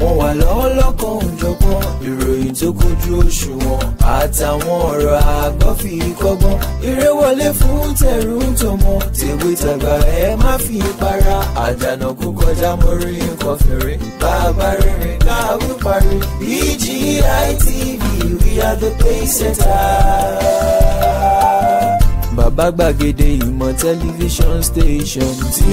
wọ́n wà lọ́wọ́ lọ́kàn òjọ̀gbọ́n ìròyìn tó kojú òṣùwọ̀n àtàwọn ọ̀rọ̀ àgbọ́ fi kọ́gbọ́n eré wọlé fún tẹ̀rù ń tọmọ tèwe tàgbà ẹ má fi para àdànà kú kọjá mọ́rí nǹkan fèrè bàbá rere káwé parí BGI e TV we are the pace setters bàbá gbàgede ìmọ̀ tẹlifíṣọ̀n station ti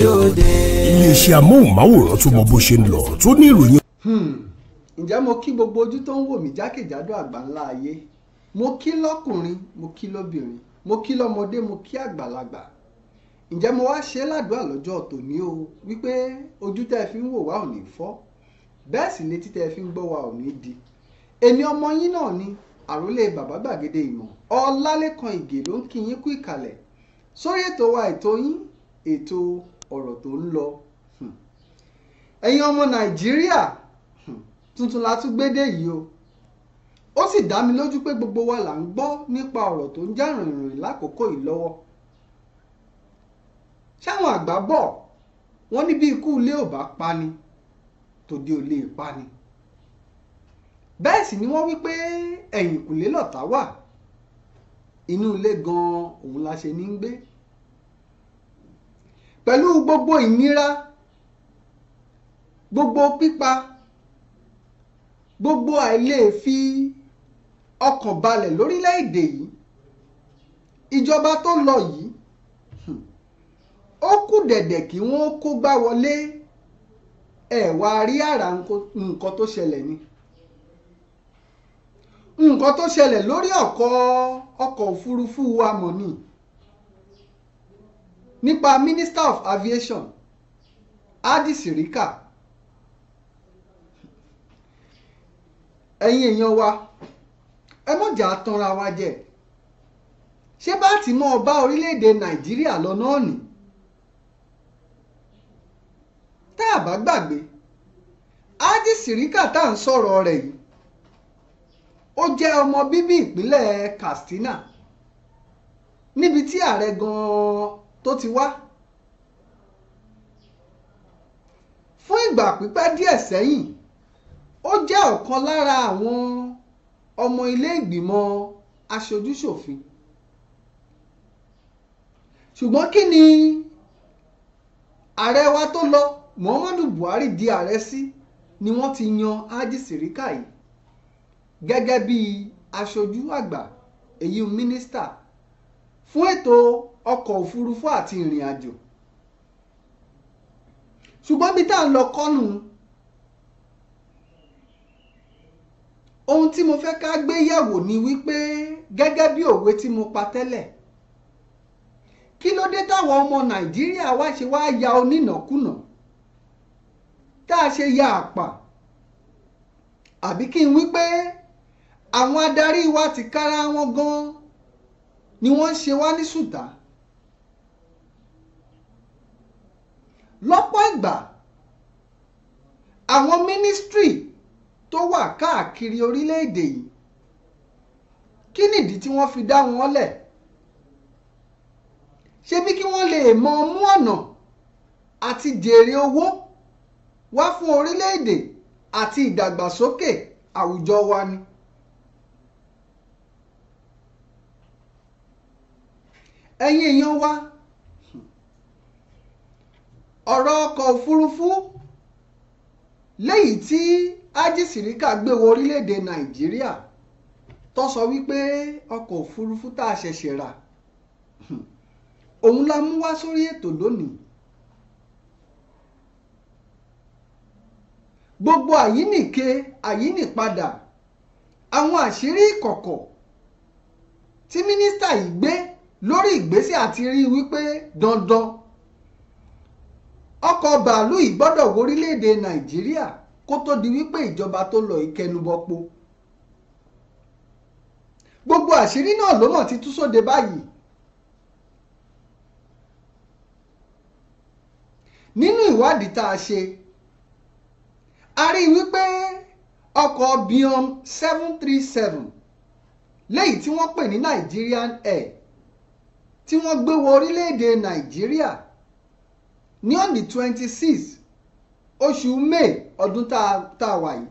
dòde. iléeṣẹ́ amóhùnmáwòrán tó mọ bó ṣe ń lọ tó ní ìròyìn. Hmm. ǹjẹ́ mo kí gbogbo ojú tó ń wò mí jákèjádò àgbáńlá ayé mo kí lọ́kùnrin mo kí lóbìnrin mo kí lọ́mọdé mo kí àgbàlagbà ǹjẹ́ mo wá ṣe ládùúgbà lọ́jọ́ tòní o wípé ojú tẹ́ ẹ fi ń wò wá ò ní fọ́ bẹ́ẹ̀ sì létí tẹ́ ẹ fi ń gbọ́ wá ò ní di èmi ọmọ yín náà ni àròlé bàbá gbàgede ìmọ̀ ọlálékan ìgè ló ń kí yín kú ìkàlẹ̀ sórí ètò wa ètò yín ètò ọ̀rọ̀ tó ń lọ hmm. ẹ̀yin ọmọ nàìjíríà hmm, tuntun la tún gbé yìí o ó sì dá mi lójú pé gbogbo wa là ń gbọ́ nípa ọ̀rọ̀ tó ń já rìnrìn lákòókò yìí lọ́wọ́ ṣáwọn àgbà bọ̀ wọ́n ní bí ikú ilé ò bá pani tòde ò lè pani bẹ́ẹ̀ sì ni wọ́n wí pé ẹ̀yìnkùlé lọ̀tá wà inú ilé gan-an òun la ṣe ní ń gbé pẹ̀lú gbogbo ìnira gbogbo pípa gbogbo àìlè fi ọkàn balẹ̀ lórílẹ̀‐èdè yìí ìjọba tó lọ yìí hmm, ó kù dẹ̀dẹ̀ kí wọ́n kó gbá wọlé ẹ̀ rí àrà nǹkan tó ṣẹlẹ̀ ni. nǹkan tó ṣẹlẹ̀ lórí ọkọ̀ ọkọ̀ òfurufú wa mọ̀ ni nípa Minister of Aviation Hadi Sirika ẹ̀yin èèyàn wa ẹ mọ̀jà tanra wa jẹ ṣé bá ti mọ́ ọ bá orílẹ̀-èdè Nàìjíríà lọ náà nì tá a bá gbàgbé Hadi Sirika tá à ń sọ̀rọ̀ rẹ̀ yìí ó jẹ́ ọmọ bíbí ìpínlẹ̀ Katsina níbi tí ààrẹ gan-an tó ti wá fún ìgbà pípẹ́ díẹ̀ sẹ́yìn ó jẹ́ ọ̀kan lára àwọn ọmọ ilé ìgbìmọ̀ aṣojúṣòfin ṣùgbọ́n kí ni ààrẹ wa tó lọ Muhammadu Buhari di ààrẹ sí ni wọ́n ti yan Haji Sirika yìí gẹ́gẹ́ bí aṣojú àgbà èyí mínísítà fún ètò ọkọ̀ òfurufú àti ìrìn àjò ṣùgbọ́n bí tá à ń lọ kọ́nù ohun tí mo fẹ́ ká gbé yẹ̀wò ni wípé gẹ́gẹ́ bí òwe tí mo pa tẹ́lẹ̀ kí ló dé táwọn ọmọ nàìjíríà wá ṣe wá ya onínàkúnà tá a ṣe ya àpà àbí kí n wí àwọn adarí wa ti kára wọn gan ni wọ́n ń ṣe wá ní sùtá lọ́pọ̀ ìgbà àwọn mínísítírì tó wà káàkiri orílẹ̀-èdè yìí kí nìdí tí wọ́n fi dá wọn lẹ̀ ṣebí kí wọ́n lè mọ mú ọ̀nà àti jèrè owó wá fún orílẹ̀-èdè àti ìdàgbàsókè àwùjọ wa ni. ẹ̀yin èèyàn wa ọ̀rọ̀ ọkọ̀ òfurufú léyìí tí Ají Sìríkà gbé wọ orílẹ̀-èdè Nàìjíríà tó sọ wípé ọkọ̀ òfurufú tá a ṣẹ̀ṣẹ̀ rà òun la mú wá sórí ètò lónìí gbogbo àyínìke àyínìpadà àwọn àṣírí ìkọ̀kọ̀ tí mínísítà yìí gbé lórí ìgbésẹ̀ àti rí wípé dandan ọkọ̀ bàálù yìí gbọ́dọ̀ wọ orílẹ̀-èdè nàìjíríà kó tó di wípé ìjọba tó lọ ìkẹnubọpo gbogbo àṣírí náà ló mọ̀ ti tú sóde báyìí nínú ìwádìí tá a ṣe a rí wípé ọkọ̀ biom seven three seven léyìí tí wọ́n pè ní Nigerian Air tí wọ́n gbé wọ orílẹ̀-èdè nàìjíríà ní on the twenty six oṣù may ọdún tá a wà yìí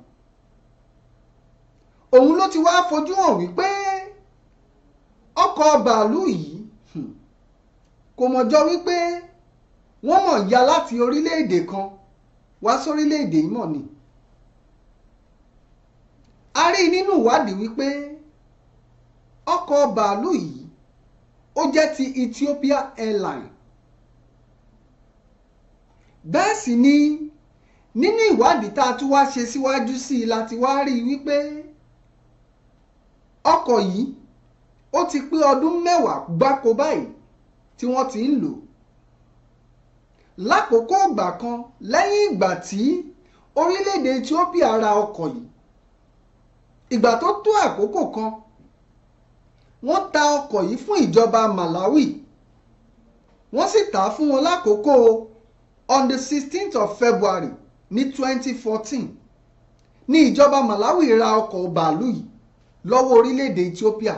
òun ló ti wá fojú hàn wípé ọkọ̀ bàálù yìí hmm, kò mọ̀jọ wípé wọ́n mọ̀ ya láti orílẹ̀-èdè kan wá sórílẹ̀-èdè yìí mọ̀ ni. a rí nínú ìwádìí wípé ọkọ̀ bàálù yìí ó jẹ́ ti Ethiopia Airline. bẹ́ẹ̀ sì ni nínú ìwádìí tá a tún wá ṣe síwájú sí i láti wá rí i wípé ọkọ̀ yìí ó ti pé ọdún mẹ́wàá gbáko báyìí tí wọ́n ti ń lò lákòókò ìgbà kan lẹ́yìn ìgbà tí orílẹ̀-èdè Ethiopia ra ọkọ̀ yìí ìgbà tó tó àkókò kan wọ́n ta ọkọ̀ yìí fún ìjọba Malawi wọ́n sì tà á fún wọn lákòókò on the sixteenth of February ní twenty fourteen ní ìjọba Malawi ra ọkọ̀ bàálù yìí lọ́wọ́ orílẹ̀-èdè Ethiopia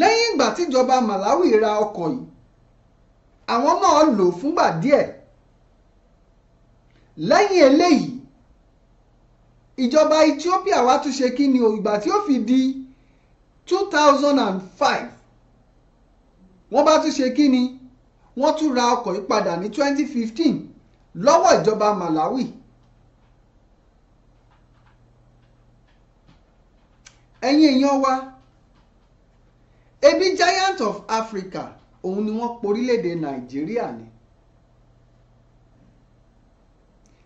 lẹ́yìn ìgbà tíjọba Malawi ra ọkọ̀ yìí àwọn náà lò fúngbà díẹ̀ lẹ́yìn eléyìí ìjọba Ethiopia wá tún ṣe kí ni o ìgbà tí ó fi di two thousand and five wọ́n bá tún ṣe kí ni wọ́n tún ra ọkọ̀ yìí padà ní twenty fifteen lọ́wọ́ ìjọba Malawi. ẹ̀yin èèyàn wa ebi giant of Africa òun ni wọ́n porílẹ̀-èdè Nàìjíríà ni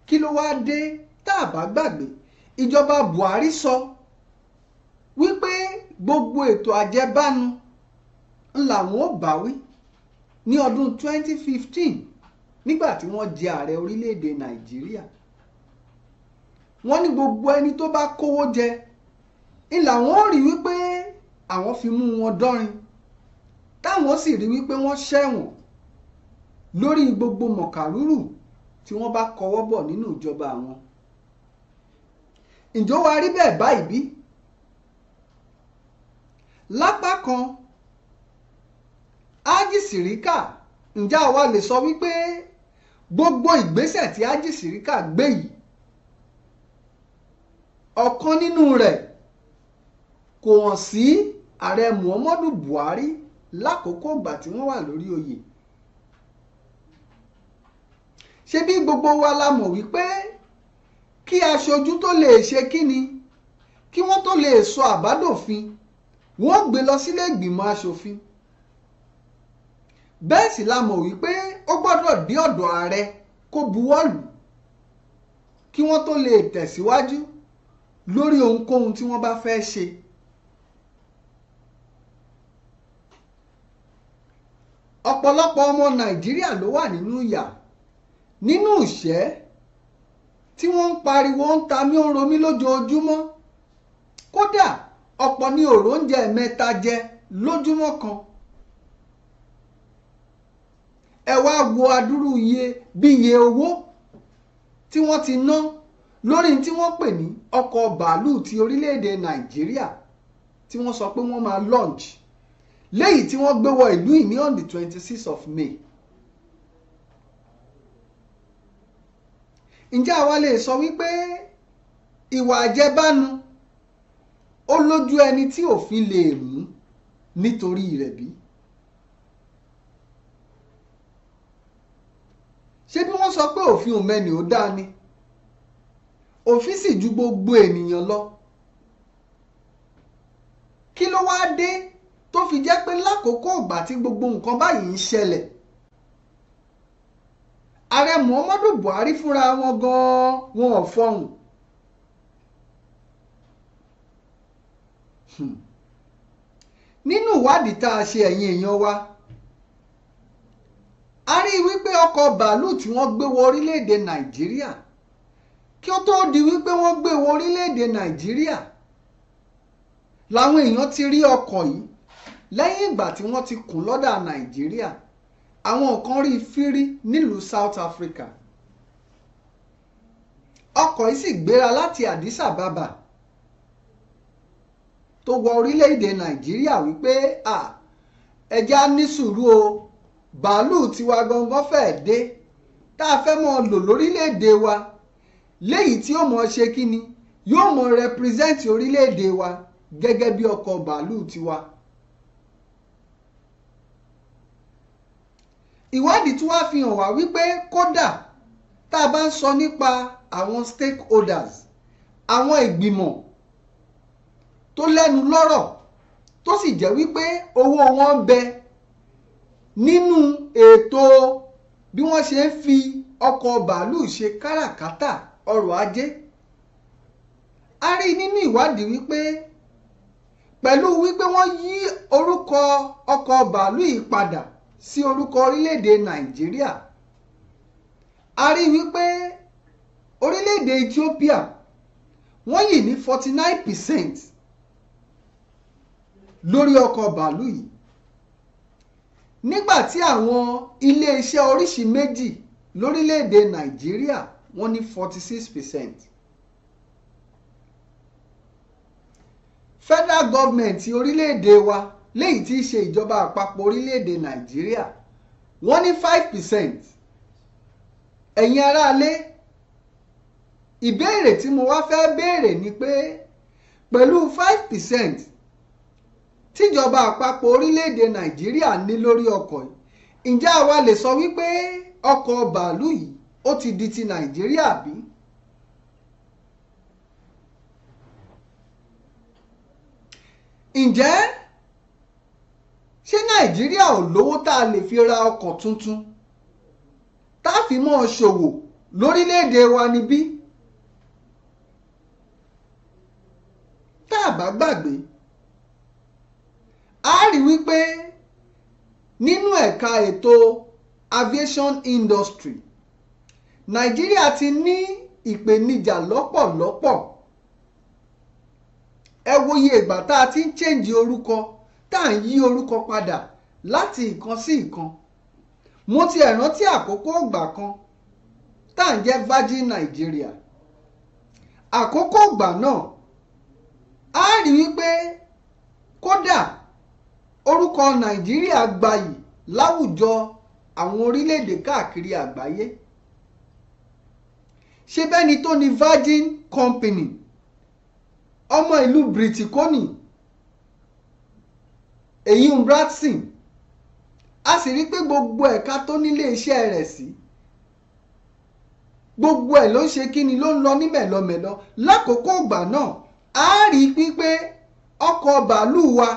kí ló wáá dé tá a bá gbàgbé ìjọba Buhari sọ wípé gbogbo ètò àjẹbánu làwọn ò bá wí ní ọdún 2015 nígbà tí wọ́n jẹ ààrẹ orílẹ̀-èdè Nàìjíríà wọ́n ní gbogbo ẹni tó bá kówó jẹ ń làwọn ò rí wípé àwọn fi mú wọn dọ́rin táwọn sì rí wípé wọ́n ṣẹ̀wọ̀n lórí gbogbo mọ̀kàrúrù tí wọ́n bá kọwọ́ bọ̀ nínú ìjọba àwọn ǹjọ́ wa rí bẹ́ẹ̀ báyìí bí? lápá kan ájì síríkà ǹjẹ́ àwa lè sọ wípé gbogbo ìgbésẹ̀ tí ájì síríkà gbé yìí ọ̀kan nínú rẹ̀ kò hàn sí ààrẹ Muhammadu Buhari lákòókò ìgbà tí wọ́n wà lórí oyè ṣebí gbogbo wa la mọ̀ wípé kí aṣojú tó lè ṣe kíni kí wọ́n tó lè sọ àbádòfin wọ́n gbé lọ sílé ìgbìmọ̀ aṣòfin bẹ́ẹ̀ sì la mọ̀ wípé ó gbọ́dọ̀ dé ọ̀dọ̀ ààrẹ kó buwọ́lù kí wọ́n tó lè tẹ̀síwájú lórí ohunkóhun tí wọ́n bá fẹ́ ṣe. ọ̀pọ̀lọpọ̀ ọmọ nàìjíríà ló wà nínú ìyà nínú ìṣẹ́ tí wọ́n ń pariwo ń ta mí ń romí lójoojúmọ́ kódà ọ̀pọ̀ ní òró oúnjẹ mẹ́ta jẹ lójúmọ́ kan ẹ wá wo adúrú iye bí iye owó tí wọ́n ti ná lórí tí wọ́n pè ní ọkọ̀ bàálù ti orílẹ̀-èdè nàìjíríà tí wọ́n sọ pé wọ́n máa launch léyìí tí wọ́n gbé wọ ìlú ìní on the twenty six of May ǹjẹ́ àwa lè sọ wípé ìwà àjẹbánu ó lójú ẹni tí òfin lè mú nítorí rẹ̀ bí? ṣé bí wọ́n sọ pé òfin òmẹ́ni ò dáa ni òfin sì ju gbogbo ènìyàn lọ kí ló wáá dé tó fi jẹ́ pé lákòókò ìgbà tí gbogbo nǹkan báyìí ń ṣẹlẹ̀ ààrẹ muhammadu buhari fúnra wọn gan-an wọn ò fọhùn. Hmm. nínú ìwádìí tá a ṣe ẹ̀yin èèyàn wa a rí i wípé ọkọ̀ bàálù tí wọ́n gbé wọ orílẹ̀-èdè nàìjíríà kí ó tóó di wípé wọ́n gbé wọ orílẹ̀-èdè nàìjíríà làwọn èèyàn ti rí ọkọ̀ yìí lẹ́yìn ìgbà tí wọ́n ti kùn lọ́dà nàìjíríà àwọn kan rí fírí nílùú South Africa ọkọ̀ yìí sì gbéra láti Addis Ababa tó wọ orílẹ̀-èdè Nàìjíríà wípé ẹja ní sùúrù o bàálù tiwa gangan fẹ́ẹ́ dé tá a fẹ́ mọ́ lò lórílẹ̀-èdè wa léyìí tí yóò mọ ṣe kí ni yóò mọ represent orílẹ̀-èdè wa gẹ́gẹ́ bí ọkọ̀ bàálù tiwa. ìwádìí tún wá fi hàn wá wípé kódà tá a bá ń sọ nípa àwọn stakeholders àwọn ìgbìmọ̀ tó lẹ́nu lọ́rọ̀ tó sì jẹ́ wípé owó wọn ń bẹ nínú ètò bí wọ́n ṣe ń fi ọkọ̀ bàálù ṣe káràkátà ọrọ̀ ajé a rí nínú ìwádìí wípé pẹ̀lú wípé wọ́n yí orúkọ ọkọ̀ bàálù yìí padà sí orúkọ orílẹ̀-èdè nàìjíríà a rí wípé orílẹ̀-èdè ethiopia wọ́n yìí ní forty nine percent lórí ọkọ̀ bàálù yìí nígbà tí àwọn iléeṣẹ́ oríṣi méjì lórílẹ̀-èdè nàìjíríà wọ́n ní forty six percent. federal government orílẹ̀-èdè wa léyìí tí í ṣe ìjọba àpapọ̀ orílẹ̀-èdè nàìjíríà wọ́n ní five percent ẹ̀yin aráalé ìbéèrè tí mo wá fẹ́ béèrè ni pé pẹ̀lú five percent tíjọba àpapọ̀ orílẹ̀-èdè nàìjíríà ní lórí ọkọ̀ ǹjẹ́ àwa lè sọ wípé ọkọ̀ bàálù yìí ó ti di ti nàìjíríà bí? ǹjẹ́ ṣé nàìjíríà ò lówó tá a lè fi ra ọkọ̀ tuntun tá a fi mọ́ ọ ṣòwò lórílẹ̀‐èdè wa níbí tá a bá gbàgbé a rí wípé nínú ẹ̀ka ètò aviation industry nàìjíríà ti ní ìpèníjà lọ́pọ̀lọ́pọ̀ ẹ wòye ìgbà tá a ti ń chẹ́ǹjì orúkọ tá à ń yí orúkọ padà láti ìkan sí ìkan mo ti ẹ̀ rántí àkókò ògbà kan tá à ń jẹ́ Virgin Nigeria àkókò ògbà náà a rí wípé kódà orúkọ Nàìjíríà gbayì láwùjọ àwọn orílẹ̀-èdè káàkiri àgbáyé ṣe bẹ́ni tó ni Virgin Company ọmọ ìlú Britikoni èyí ń bradson a sì rí i pé gbogbo ẹ̀ka tó nílé iṣẹ́ rẹ̀ sí gbogbo ẹ̀ ló ń ṣe kíni ló ń lọ ní mẹ̀lọmẹ̀lọ lákòókò ìgbà náà a rí i pípé ọkọ̀ bàálù wa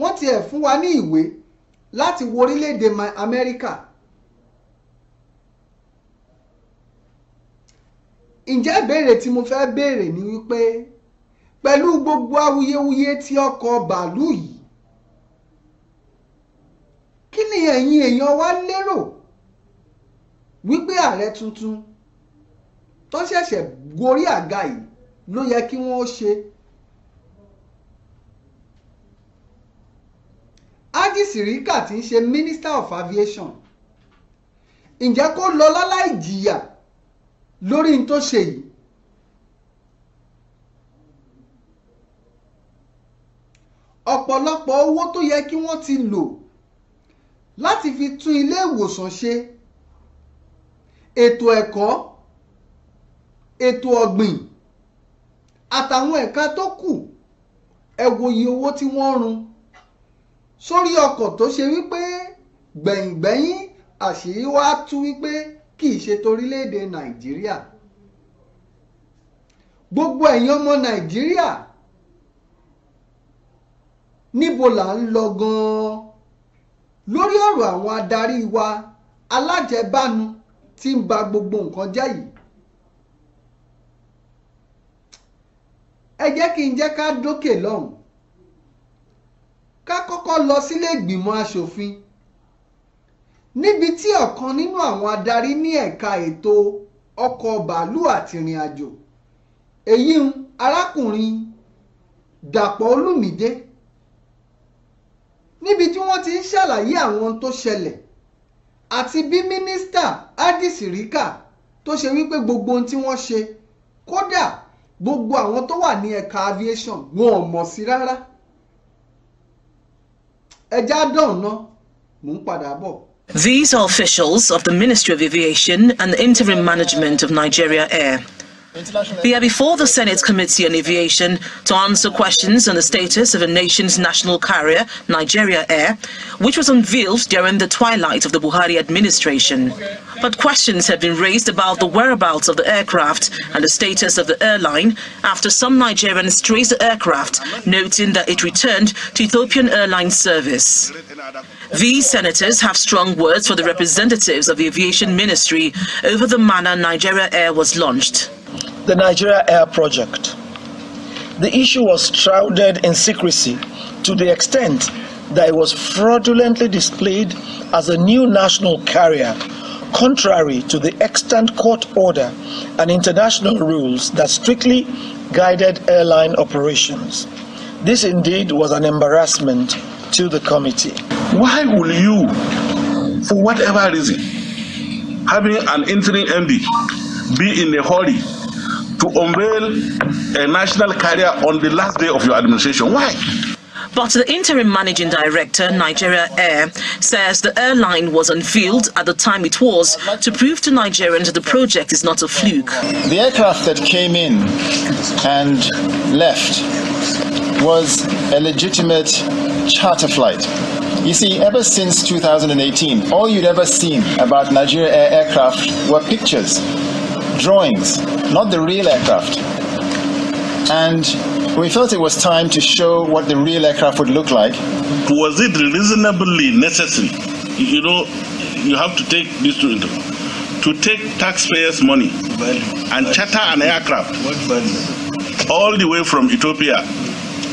wọ́n ti ẹ̀ fún wa ní ìwé láti wo orílẹ̀-èdè Amẹ́ríkà ǹjẹ́ ìbéèrè tí mo fẹ́ béèrè ni wípé pẹ̀lú gbogbo awuyewuye tí ọkọ̀ bàálù yìí kí ni ẹ̀yin èèyàn wa lérò wípé ààrẹ tuntun tó ṣẹ̀ṣẹ̀ gorí àga yìí ló yẹ kí wọ́n ṣe. Haji Sirika tí ń ṣe Minister of Aviation ǹjẹ́ kó lọ láláì jìyà lórí n tó ṣe yìí. ọ̀pọ̀lọpọ̀ owó tó yẹ kí wọ́n ti lò láti fi tún ilé ìwòsàn ṣe ètò ẹ̀kọ́ ètò ọ̀gbìn àtàwọn ẹ̀ka tó kù ẹ wòye owó tí wọ́n run sórí ọkọ̀ tó ṣe wípé gbẹ̀yìngbẹ̀yìn àṣírí wá tú wípé kì í ṣe torílẹ̀-èdè nàìjíríà gbogbo ẹ̀yin ọmọ nàìjíríà níbo là ń lọ gan-an ọ̀rọ̀ àwọn adarí wa alájẹbánu tí ń ba gbogbo nǹkan jẹ́ yìí ẹ jẹ́ kí n jẹ́ ká dókè lọ́hùn ká kọ́kọ́ lọ sílé ìgbìmọ̀ asòfin níbi tí ọ̀kan nínú àwọn adarí ní ẹ̀ka ètò ọkọ̀ bàálù àti ìrìn àjò èyí arákùnrin Dàpọ̀ Olúmídé níbi tí wọ́n ti ń ṣàlàyé àwọn tó ṣẹlẹ̀ àti bí mínísítà Addis Rika tó ṣe wípé gbogbo ohun tí wọ́n ṣe kódà gbogbo àwọn tó wà ní ẹ̀ka aviation wọn ò mọ̀ sí rárá ẹja dán mò ń padà bọ̀. These are officials of the Ministry of Aviation and the Interim Management of Nigeria Air. The are before the Senate Committee on Aviation to answer questions on the status of a nation's national carrier, Nigeria Air, which was unveiled during the twilight of the Buhari administration. But questions have been raised about the whereabouts of the aircraft and the status of the airline after some Nigerians traced the aircraft, noting that it returned to Ethiopian Airlines service. These senators have strong words for the representatives of the aviation ministry over the manner Nigeria Air was launched the Nigeria Air Project. The issue was shrouded in secrecy to the extent that it was fraudulently displayed as a new national carrier, contrary to the extant court order and international rules that strictly guided airline operations. This indeed was an embarrassment to the committee. Why will you, for whatever reason, having an interim MD, be in a hurry to unveil a national carrier on the last day of your administration. Why? But the interim managing director, Nigeria Air, says the airline was unveiled at the time it was to prove to Nigerians the project is not a fluke. The aircraft that came in and left was a legitimate charter flight. You see, ever since 2018, all you'd ever seen about Nigeria Air aircraft were pictures drawings, not the real aircraft. And we felt it was time to show what the real aircraft would look like. Was it reasonably necessary? You know, you have to take this to into to take taxpayers' money and charter an aircraft all the way from Ethiopia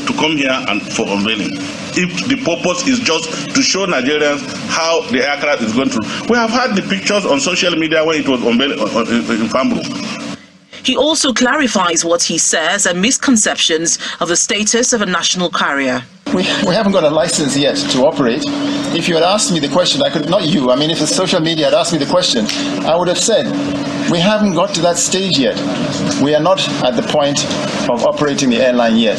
to come here and for unveiling if the purpose is just to show Nigerians how the aircraft is going through. We have had the pictures on social media when it was unveiled in Fambro. He also clarifies what he says and misconceptions of the status of a national carrier. We, we haven't got a license yet to operate. If you had asked me the question, I could, not you, I mean, if the social media had asked me the question, I would have said, we haven't got to that stage yet. We are not at the point of operating the airline yet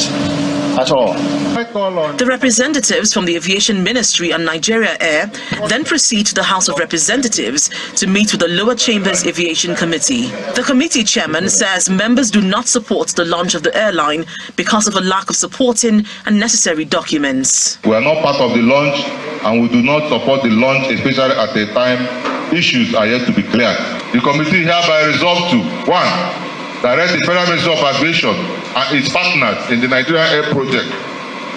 at all. The representatives from the Aviation Ministry and Nigeria Air then proceed to the House of Representatives to meet with the lower chamber's Aviation Committee. The committee chairman says members do not support the launch of the airline because of a lack of supporting and necessary documents. We are not part of the launch and we do not support the launch, especially at a time issues are yet to be cleared. The committee hereby resolves to 1. Direct the Federal Ministry of Aviation its partners in the Nigeria Air Project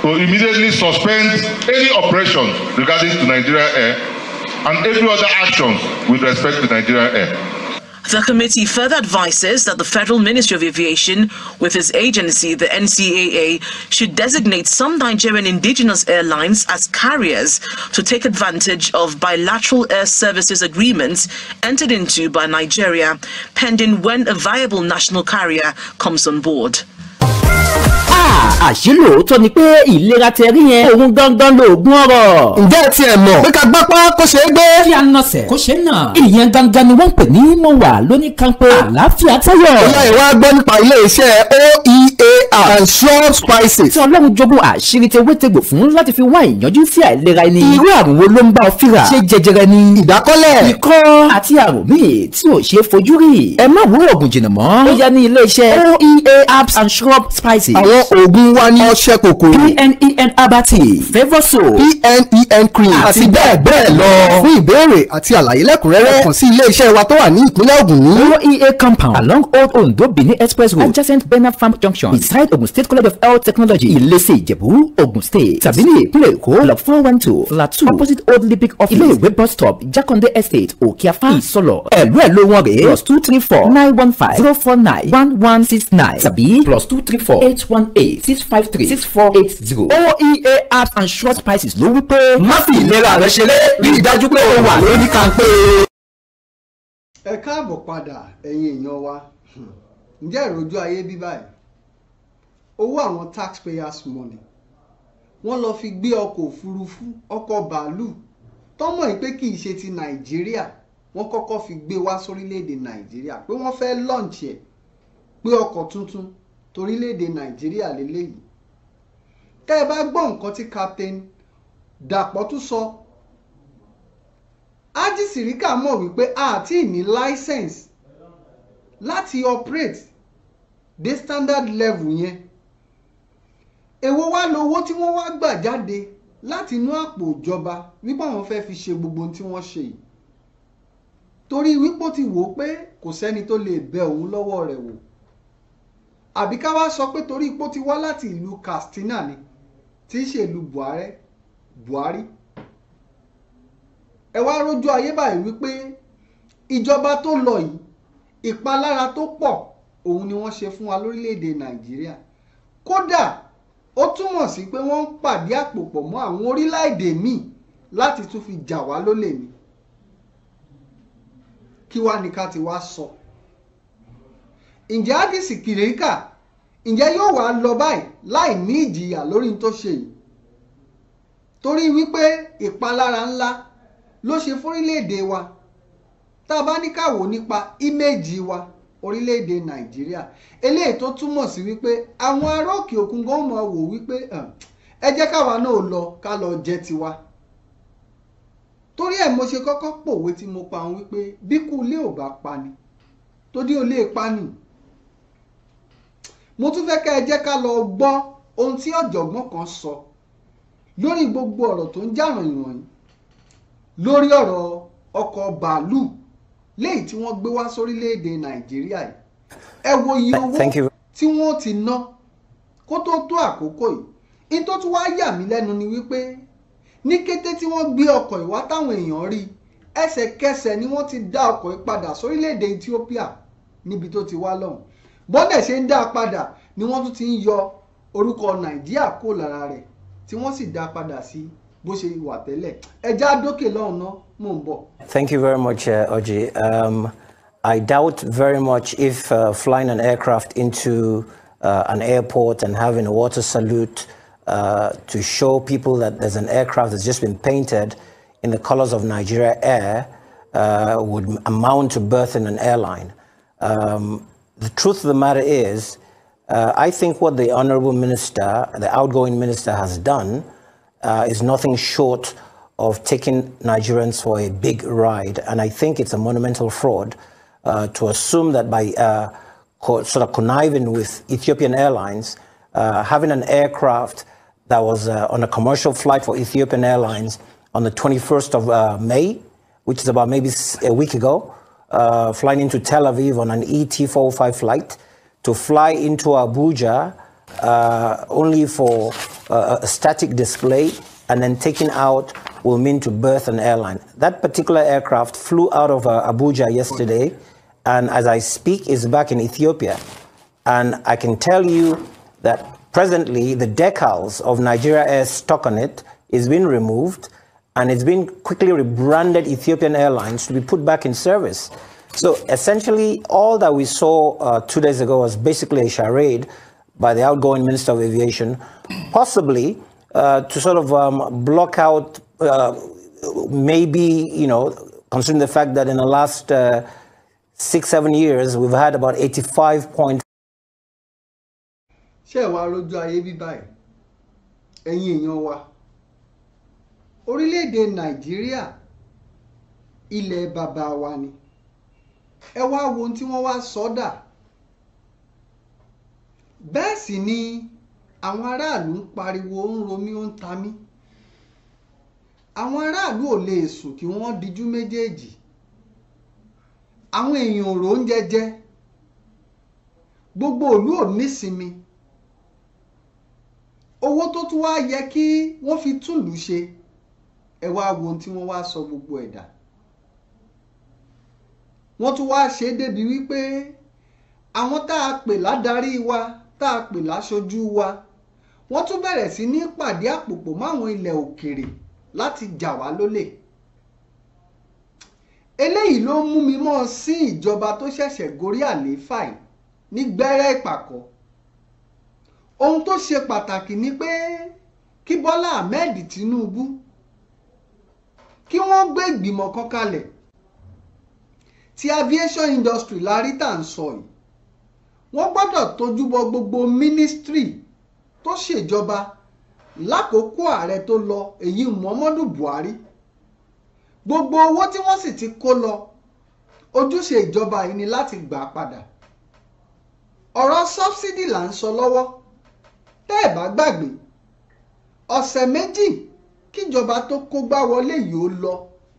to immediately suspend any operations regarding to Nigeria Air and every other action with respect to Nigeria Air. The committee further advises that the Federal Ministry of Aviation, with its agency, the NCAA, should designate some Nigerian indigenous airlines as carriers to take advantage of bilateral air services agreements entered into by Nigeria, pending when a viable national carrier comes on board. àṣé lóòótọ́ ni pé ìlera tẹ̀rí yẹn òun gangan lóògùn ọ̀rọ̀. ǹjẹ́ ẹ tiẹ̀ mọ̀ pé ká gbápá kó ṣeé gbé. kí a nọ sẹ̀ kó ṣe náà. ìyẹn gangan ni wọ́n pè ní mo wà lóní kanpe àlàáfíà tẹ́yọ̀. ìyá ìwà gbọ́ nípa ilé iṣẹ́ oea and shrub spices. tí ọlọ́run jogún àṣírí tewétegbò fún láti fi wá ìyanjú sí àìlera ẹni. irú àrùn wo ló ń bá ọ fíra. ṣé jẹjẹrẹ ni. ìdákọ́lẹ̀. ikọ́ àti àrùn míì tí ò ṣeé fojú rí. ẹ má wúrò ògùn jìnnà mọ́. ó yá ní ilé iṣẹ́ oea herbs and shrub spices. àwọn òògùn oògùn wa ní ọṣẹ kòkòrò pnen herbal tea favour pnen e cream àti bẹ́ẹ̀ bẹ́ẹ̀ lọ. fún ìbéèrè àti àlàyé lẹ́kùnrẹ́rẹ́ kàn sí ilé iṣẹ́ wa tó wà ní ìpínlẹ̀ Ògùn ní. oea compound along old ondo benin express road adjacent bena farm junction beside Ogun State College of Health Technology Ilese Ìjẹ̀bú Ogun State tàbí ní ìpínlẹ̀ Èkó block four one two flat two opposite old lipic office ilé ìwé bus stop Jakonde estate Òkèàfà Ìsọlọ̀ ẹ̀lú ẹ̀ ló wọ́n rè plus two three four nine one five zero four nine one one six nine tàbí plus two three four eight one eight six five three six four eight zero oea apps and short prices. ló wí pé. má fi ìlera rẹ ṣeré rí i dájú pé o wà lórí kàńpé. ẹ káàbọ̀ padà ẹ̀yin èèyàn wa hmm. ǹjẹ́ ìrojú ayé bí báyìí owó àwọn taxpayers money wọ́n lọ fi gbé ọkọ̀ òfurufú ọkọ̀ bàálù tọ́mọ̀ yìí pé kì í ṣe ti nàìjíríà wọ́n kọ́kọ́ fi gbé wá sórílẹ̀‐èdè nàìjíríà pé wọ́n fẹ́ lọ́ǹchì ẹ̀ pé ọkọ̀ tuntun torílẹ̀-èdè nàìjíríà lélẹ́yìí tẹ́ ẹ bá gbọ́ nǹkan tí captain dàpọ̀ tún sọ ájì sìríkà mọ̀ wípé a ti ní license láti operate dé standard level yẹn èwo wá lowó tí wọ́n wá gbà jáde láti inú àpò ìjọba wípé àwọn fẹ́ fi ṣe gbogbo ohun tí wọ́n ṣe yìí torí wípé ó ti wò ó pé kò sẹ́ni tó lè bẹ òun lọ́wọ́ rẹ̀ wò àbí ká wá sọ pé torí ipò ti wá láti ìlú Katsina ni tí í ṣèlú Buhari Buhari ẹ wá rójú ayé báyìí wípé ìjọba tó lọ yìí ìpalára tó pọ̀ òun ni wọ́n ṣe fún wa lórílẹ̀‐èdè Nàìjíríà kódà ó túmọ̀ sí pé wọ́n ń pàdé àpò pọ̀ mọ́ àwọn orílẹ̀ míì láti tún fi jà wá lólè ni kí wá ni ká ti wá sọ. So. ǹjẹ́ àdìsí kìrìkà ǹjẹ́ yóò wá lọ báyìí láì ní ìjìyà lórí tó ṣe yìí torí wípé ìpalára ńlá ló ṣe fórílẹ̀-èdè wa tá a bá ní ká nípa íméèjì wa orílẹ̀-èdè nàìjíríà eléyìí tó túmọ̀ sí wípé àwọn ará òkè òkun gan mọ̀ wò wípé ẹ jẹ́ káwa náà lọ ká lọ jẹ tiwa torí ẹ̀ mo ṣe kọ́kọ́ pòwe tí mo pa wípé bí kú ilé ò bá pani tó dé ò lè pani. mo tún fẹ́ kẹ́ ẹ jẹ́ ká lọ gbọ́ ohun tí ọ̀jọ̀gbọ́n kan sọ lórí gbogbo ọ̀rọ̀ tó ń jàràn ìwọ̀nyí lórí ọ̀rọ̀ ọkọ̀ bàálù léyìí tí wọ́n gbé wá sórílẹ̀‐èdè nàìjíríà yìí ẹ wo iye owó tí wọ́n ti ná kó tó tó àkókò yìí in tó tún wá yà mí lẹ́nu ni wípé ní kété tí wọ́n gbé ọkọ̀ ìwá táwọn èèyàn rí ẹsẹ̀kẹsẹ̀ ni wọ́n ti dá ọkọ̀ yìí sórílẹ̀‐èdè Ethiopia níbi tó ti wá lọ́hùn bọ́dẹ̀ ṣe ń dá padà ni wọ́n tún ti ń yọ orúkọ nàìjíríà kó lára rẹ̀ tí wọ́n sì dá padà sí bó ṣe wà tẹ́lẹ̀ ẹja dókè lọ́hùn náà mò ń bọ̀. thank you very much uh, Oji um, I doubt very much if uh, flying an aircraft into uh, an airport and having a water salute uh, to show people that there's an aircraft that's just been painted in the colors of Nigeria Air uh, would amount to birthing an airline. Um, the truth of the matter is, uh, I think what the honourable minister, the outgoing minister, has done uh, is nothing short of taking Nigerians for a big ride, and I think it's a monumental fraud uh, to assume that by uh, sort of conniving with Ethiopian Airlines, uh, having an aircraft that was uh, on a commercial flight for Ethiopian Airlines on the 21st of May, which is about maybe a week ago, uh, flying into Tel Aviv on an ET405 flight to fly into Abuja uh, only for uh, a static display and then taking out will mean to birth an airline. That particular aircraft flew out of uh, Abuja yesterday and as I speak is back in Ethiopia. And I can tell you that presently the decals of Nigeria Air's stock on it is being removed and it's been quickly rebranded Ethiopian Airlines to be put back in service. So essentially, all that we saw uh, two days ago was basically a charade by the outgoing Minister of Aviation, possibly uh, to sort of um, block out, uh, maybe, you know, considering the fact that in the last uh, six, seven years, we've had about 85 point. ṣé ẹ wá lójú aye bibayii eyin eeyan wa orílẹ̀-èdè nàìjíríà ilẹ̀ bàbá wa ni ẹ wá wo ohun tí wọ́n wá sọ́dà bẹ́ẹ̀ sì ni àwọn aráàlú ń pariwo ń romí ó ń ta mí àwọn aráàlú ò lè sùn kí wọ́n dijú méjèèjì àwọn èèyàn ò róúnjẹ jẹ gbogbo ìlú ò nísinmi owó tó tún wá yẹ kí wọ́n fi túlù ṣe ẹ wá wo ohun tí wọ́n wá sọ gbogbo ẹ̀dá wọ́n tún wá ṣe é débi wípé àwọn tá a pè ládarí wa tá a pè láṣojú wa wọ́n tún bẹ̀rẹ̀ sí ní pàdé àpòpọ̀ máwọn ilẹ̀ òkèrè láti jà wá lólè eléyìí ló ń mú mi mọ́ sí ìjọba tó ṣẹ̀ṣẹ̀ gorí àlééfà yìí ní gbẹ́rẹ́ ìpàkọ́ ohun tó ṣe pàtàkì ni pé kí Bọ́lá Ahmed Tinubu kí wọ́n gbé ìgbìmọ̀ kan kalẹ̀ ti aviation industry la rí tà ń sọ yìí wọ́n gbọ́dọ̀ tójú bọ gbogbo ministry tó ṣèjọba lákòókò ààrẹ tó lọ èyí Muhammadu Buhari gbogbo owó tí wọ́n sì ti kó lọ ojúṣe ìjọba yìí ni láti gbà padà ọ̀rọ̀ subsidy là ń sọ lọ́wọ́ tẹ́ ẹ̀ bá gbàgbé ọ̀sẹ̀ méjì kíjọba tó kógbá wọlé yìí ó lọ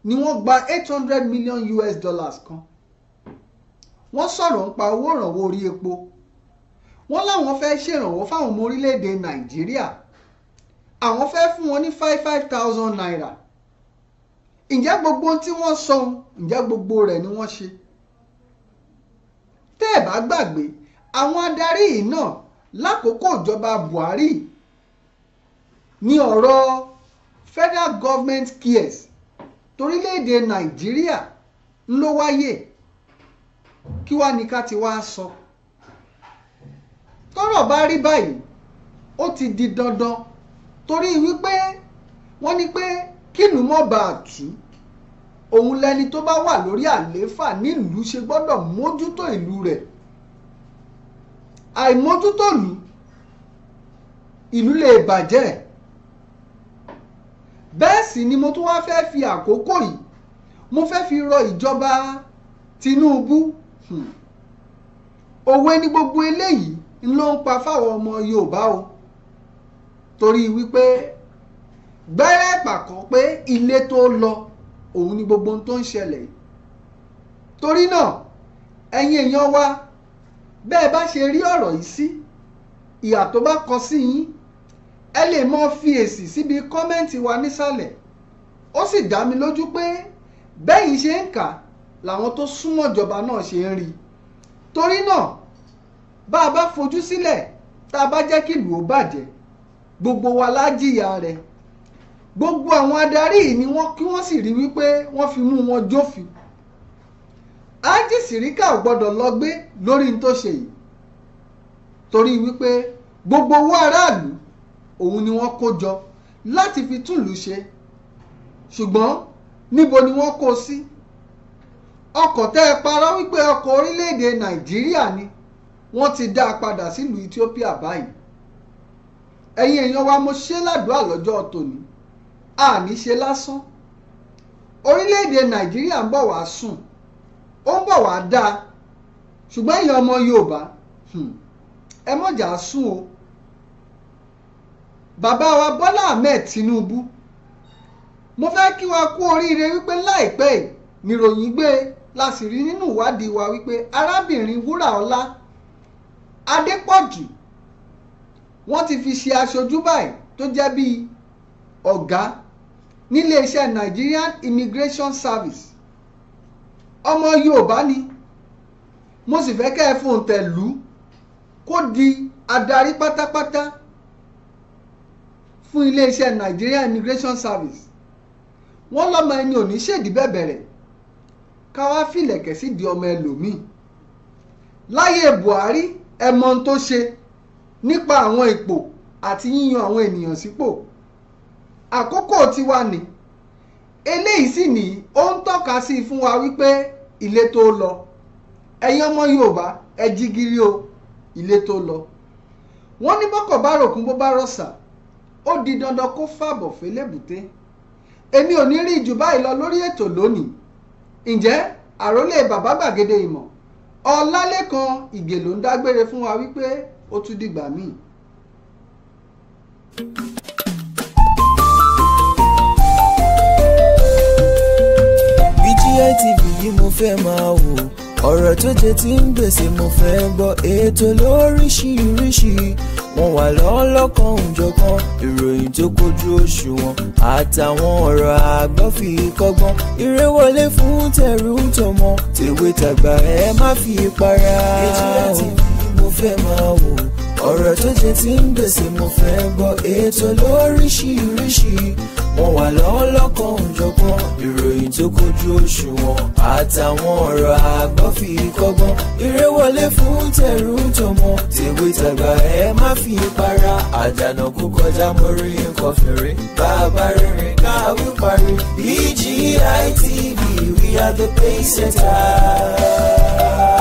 ni wọ́n gba eight hundred million US dollars kan wọ́n sọ̀rọ̀ nípa owó ìrànwọ́ orí epo wọ́n láwọn fẹ́ ṣèrànwọ́ fáwọn ọmọ orílẹ̀-èdè Nàìjíríà àwọn fẹ́ fún wọn ní five five thousand naira ǹjẹ́ gbogbo tí wọ́n sọ ǹjẹ́ gbogbo rẹ̀ ni wọ́n ṣe tẹ́ ẹ̀ bá gbàgbé àwọn adarí yìí náà lákòókò ìjọba Buhari ní ọ̀rọ̀ federal government cares torílẹ̀-èdè nàìjíríà ló wáyé kí wá ní ká ti wá sọ tọ́rọ̀ bá rí báyìí ó ti di dandan torí wípé wọ́n ní pé kínú mọ́ bá a tú òun lẹni tó bá wà lórí àlééfà nílùú ṣe gbọ́dọ̀ mójútó ìlú rẹ̀ àìmójútó ìlú ìlú lè bàjẹ́ bẹ́ẹ̀ sì ni mo tún wá fẹ́ fi àkókò yìí mo fẹ́ fi rọ ìjọba Tinubu hmm. òwe ni gbogbo eléyìí ló ń pa fáwọn ọmọ Yorùbá o torí wípé gbẹ́rẹ́ pàkọ́ pé ilé tó lọ òun ni gbogbo ohun tó ń ṣẹlẹ̀ torí náà ẹ̀yin èèyàn wa bẹ́ẹ̀ bá ṣe rí ọ̀rọ̀ yìí sí ìyà tó bá kọ sí yín ẹ lè mọ fi èsì síbi kọ́mẹ́ǹtì wa nísàlẹ̀ ó sì dá mi lójú pé bẹ́yìn ṣe ń kà làwọn tó súnmọ́ ìjọba náà ṣe ń rí torí náà bá a bá fojú sílẹ̀ tá a bá jẹ́ kí ìlú ó bàjẹ́ gbogbo wa la jìyà rẹ̀ gbogbo àwọn adarí yìí ni wọ́n kí wọ́n sì rí wípé wọ́n fi mú wọn jófin ájì síríkà ò gbọ́dọ̀ lọ gbé lórí n tó ṣe yìí torí wípé gbogbo owó aráàlú òun ni wọ́n kó jọ láti fi túlù ṣe ṣùgbọ́n níbo ni wọ́n kó sí ọkọ̀ tẹ́ ẹ parọ́ wípé ọkọ̀ orílẹ̀-èdè nàìjíríà ni wọ́n ti dá a padà sílùú ethiopia báyìí ẹ̀yin èèyàn wa mo ṣe ládùúgbà lọ́jọ́ tòní àní ṣe lásán orílẹ̀-èdè nàìjíríà ń bọ̀ wá sùn ó ń bọ̀ wá dáa ṣùgbọ́n èèyàn ọmọ yorùbá hmm, ẹ mọ̀jà sùn o bàbá wa Bọ́lá Ahmed Tinubu mo fẹ́ kí wa kú oríire wípé láìpẹ́ yìí níròyìn gbé e. la sì rí nínú ìwádìí wa wípé arábìnrin Wúràọlá Adépọ̀jù wọ́n ti fi ṣe aṣojú báyìí tó jẹ́ bíi ọ̀gá níléeṣẹ́ Nigerian Immigration Service ọmọ Yorùbá ni mo sì fẹ́ kẹ́ ẹ fòǹtẹ̀ lù kó di adarí pátápátá. Pata fún iléeṣẹ́ Nigeria Immigration Service wọ́n lọ́mọ ẹni ò ní ṣèdí bẹ̀bẹ̀rẹ̀ ká wá fìlẹ̀kẹ̀ sí di ọmọ ẹlòmíì láyé Buhari ẹ mọ ohun tó ṣe nípa àwọn ipò àti yíyan àwọn ènìyàn sípò àkókò tiwa ni eléyìí sì ni ó ń tọ́ka sí fún wa wípé ilé tó lọ ẹ̀yin ọmọ Yorùbá ẹ jí gírí o ilé tó lọ wọ́n ní bọ́kọ̀ bá ròkun bó bá rọ̀ṣà ó di dandan kó fàbọ̀ fẹlẹ́bùté èmi ò ní rí jù báyìí lọ lórí ètò lónìí ǹjẹ́ àròlé bàbá gbàgede ìmọ̀ ọlálẹ́kan ìgè ló ń dágbére fún wa wípé ó tún dìgbà míì. thank yìí mo fẹ́ máa wò ọ̀rọ̀ tó jẹ ti ń gbèsè mo fẹ́ gbọ́ ètò lóríṣiríṣi wọ́n wà lọ́lọ́kan òjọ̀kan ìròyìn tó kojú òṣùwọ̀n àtàwọn ọ̀rọ̀ àgbọ́ fi kọ́gbọ́n eré wọlé fún tẹ̀rù tọmọ tèwe tàgbà ẹ má fi para. ètò láti mo fẹ́ máa wò ọ̀rọ̀ tó jẹ ti ń gbèsè mo fẹ́ gbọ́ ètò lóríṣiríṣi wọ́n wà lọ́wọ́ lọ́kàn òjọ̀gbọ́n ìròyìn tó kojú òṣùwọ̀n àtàwọn ọ̀rọ̀ àgbọ́ fi kọ́gbọ́n eré wọlé fún tẹ̀rù tọmọ tèwe tàgbà ẹ má fi para àdànà kó kọjá mọ́rí nǹkan fèrè bàbá rìnrìn káwí parí BGI e TV we are the pace setter